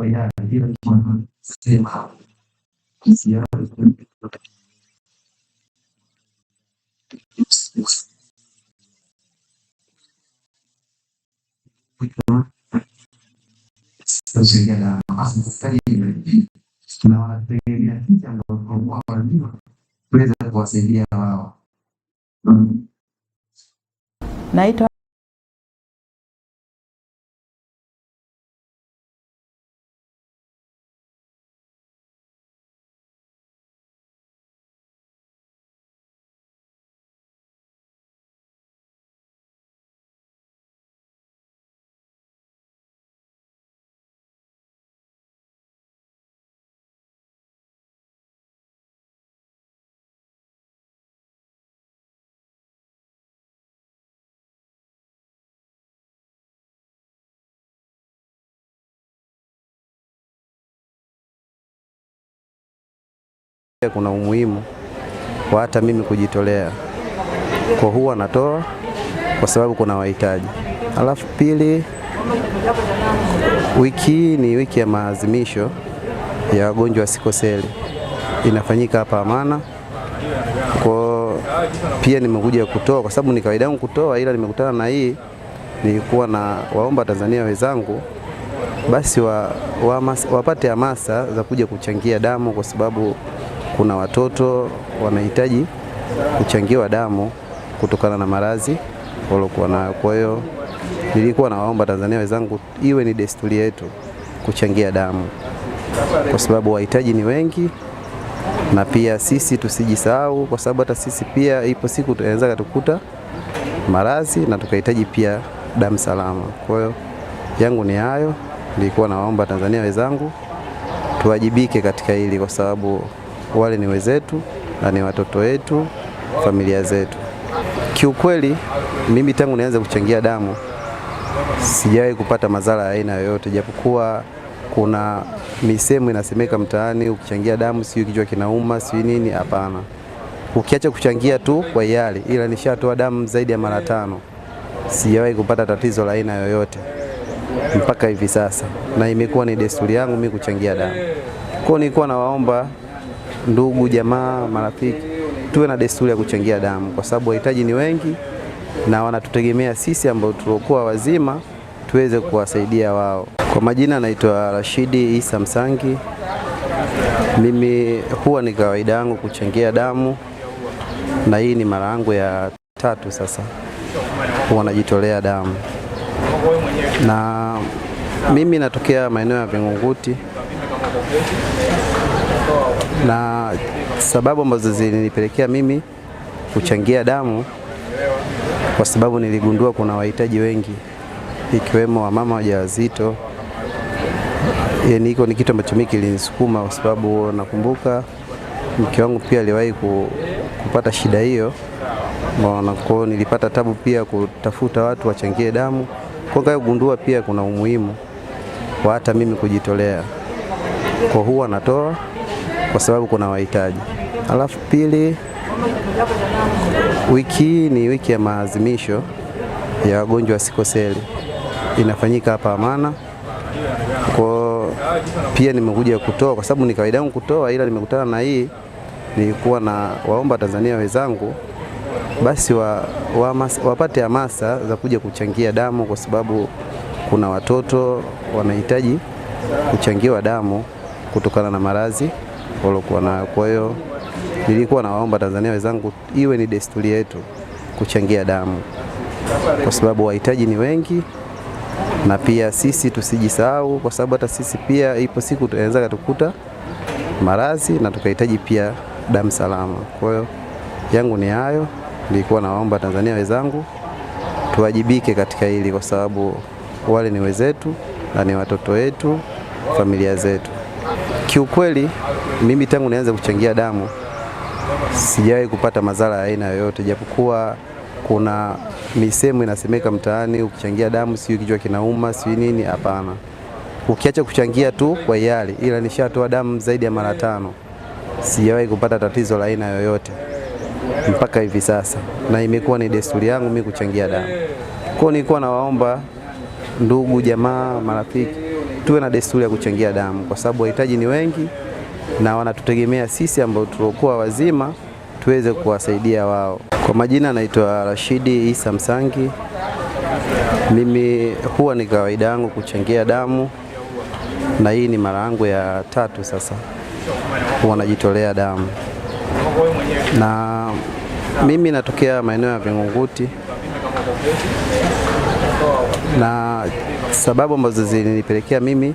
kwa na asasaii sisi ambao wajua kuweza kuwasaidia wao. Naitwa Kuna umuhimu wa hata mimi kujitolea kwa, huwa natoa kwa sababu kuna wahitaji. Alafu pili, wiki hii ni wiki ya maadhimisho ya wagonjwa sikoseli, inafanyika hapa Amana. Kwa pia nimekuja kutoa kwa sababu ni kawaida yangu kutoa, ila nimekutana na hii, nilikuwa na waomba Tanzania wenzangu basi wa, wa mas, wapate hamasa za kuja kuchangia damu kwa sababu kuna watoto wanahitaji kuchangiwa damu kutokana na maradhi waliokuwa nayo. Kwa hiyo nilikuwa nawaomba Tanzania wenzangu, iwe ni desturi yetu kuchangia damu kwa sababu wahitaji ni wengi, na pia sisi tusijisahau, kwa sababu hata sisi pia ipo siku tunaweza tukuta maradhi na tukahitaji pia damu salama. Kwa hiyo yangu ni hayo, nilikuwa nawaomba Tanzania wenzangu tuwajibike katika hili kwa sababu wale ni wezetu na ni watoto wetu, familia zetu. Kiukweli mimi tangu nianze kuchangia damu sijawahi kupata madhara ya aina yoyote, japokuwa kuna misemo inasemeka mtaani, ukichangia damu sio kichwa kinauma, sio nini. Hapana, ukiacha kuchangia tu kwa hiari, ila nishatoa damu zaidi ya mara tano, sijawahi kupata tatizo la aina yoyote mpaka hivi sasa, na imekuwa ni desturi yangu mimi kuchangia damu. Kwa hiyo nilikuwa nawaomba ndugu, jamaa, marafiki, tuwe na desturi ya kuchangia damu, kwa sababu wahitaji ni wengi na wanatutegemea sisi ambao tuliokuwa wazima tuweze kuwasaidia wao. Kwa majina, naitwa Rashidi Isa Msangi. Mimi huwa ni kawaida yangu kuchangia damu, na hii ni mara yangu ya tatu sasa huwa najitolea damu, na mimi natokea maeneo ya Vingunguti na sababu ambazo zilinipelekea mimi kuchangia damu, kwa sababu niligundua kuna wahitaji wengi ikiwemo wamama wajawazito. yani hiko ni kitu ambacho mimi kilinisukuma, kwa sababu nakumbuka mke wangu pia aliwahi kupata shida hiyo, na kwa nilipata tabu pia kutafuta watu wachangie damu, kwa kugundua pia kuna umuhimu wa hata mimi kujitolea, kwa huwa natoa kwa sababu kuna wahitaji. Alafu pili, wiki hii ni wiki ya maadhimisho ya wagonjwa wa sikoseli inafanyika hapa Amana. Kwa pia nimekuja kutoa kwa sababu ni kawaida yangu kutoa, ila nimekutana na hii, nilikuwa na waomba Tanzania wenzangu basi wa, wa mas, wapate hamasa za kuja kuchangia damu kwa sababu kuna watoto wanahitaji kuchangiwa damu kutokana na maradhi waliokuwa nayo. Kwa hiyo nilikuwa nawaomba Tanzania wenzangu, iwe ni desturi yetu kuchangia damu, kwa sababu wahitaji ni wengi, na pia sisi tusijisahau, kwa sababu hata sisi pia ipo siku tunaweza kutukuta maradhi na tukahitaji pia damu salama. Kwa hiyo yangu ni hayo, nilikuwa nawaomba Tanzania wenzangu tuwajibike katika hili, kwa sababu wale ni wenzetu na ni watoto wetu, familia zetu. Kiukweli mimi tangu nianze kuchangia damu sijawahi kupata madhara ya aina yoyote, japokuwa kuna misemo inasemeka mtaani, ukichangia damu sio kichwa kinauma sio nini. Hapana, ukiacha kuchangia tu kwa hiari, ila nishatoa damu zaidi ya mara tano, sijawahi kupata tatizo la aina yoyote mpaka hivi sasa, na imekuwa ni desturi yangu mimi kuchangia damu. Kwa nilikuwa nawaomba ndugu, jamaa, marafiki tuwe na desturi ya kuchangia damu, kwa sababu wahitaji ni wengi na wanatutegemea sisi ambao tuliokuwa wazima tuweze kuwasaidia wao. Kwa majina, naitwa Rashidi Isa Msangi. Mimi huwa ni kawaida yangu kuchangia damu, na hii ni mara yangu ya tatu sasa huwa najitolea damu, na mimi natokea maeneo ya Vingunguti na Sababu ambazo zilinipelekea mimi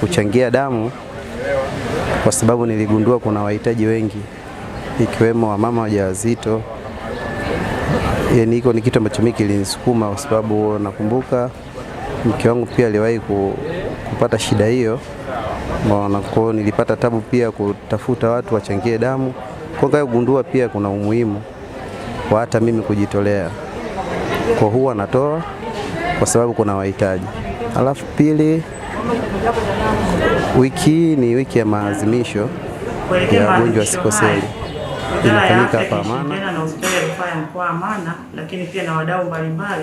kuchangia damu, kwa sababu niligundua kuna wahitaji wengi ikiwemo wamama wajawazito. Yani hiko ni kitu ambacho mimi kilinisukuma, kwa sababu nakumbuka mke wangu pia aliwahi kupata shida hiyo, na kwa nilipata tabu pia kutafuta watu wachangie damu, kwa gundua pia kuna umuhimu wa hata mimi kujitolea, kwa huwa natoa kwa sababu kuna wahitaji. Alafu pili, wiki hii ni wiki ya maadhimisho ya wagonjwa wa sikoseli inafanyika hapa Amana na hospitali ya rufaa ya mkoa Amana, lakini pia na wadau mbalimbali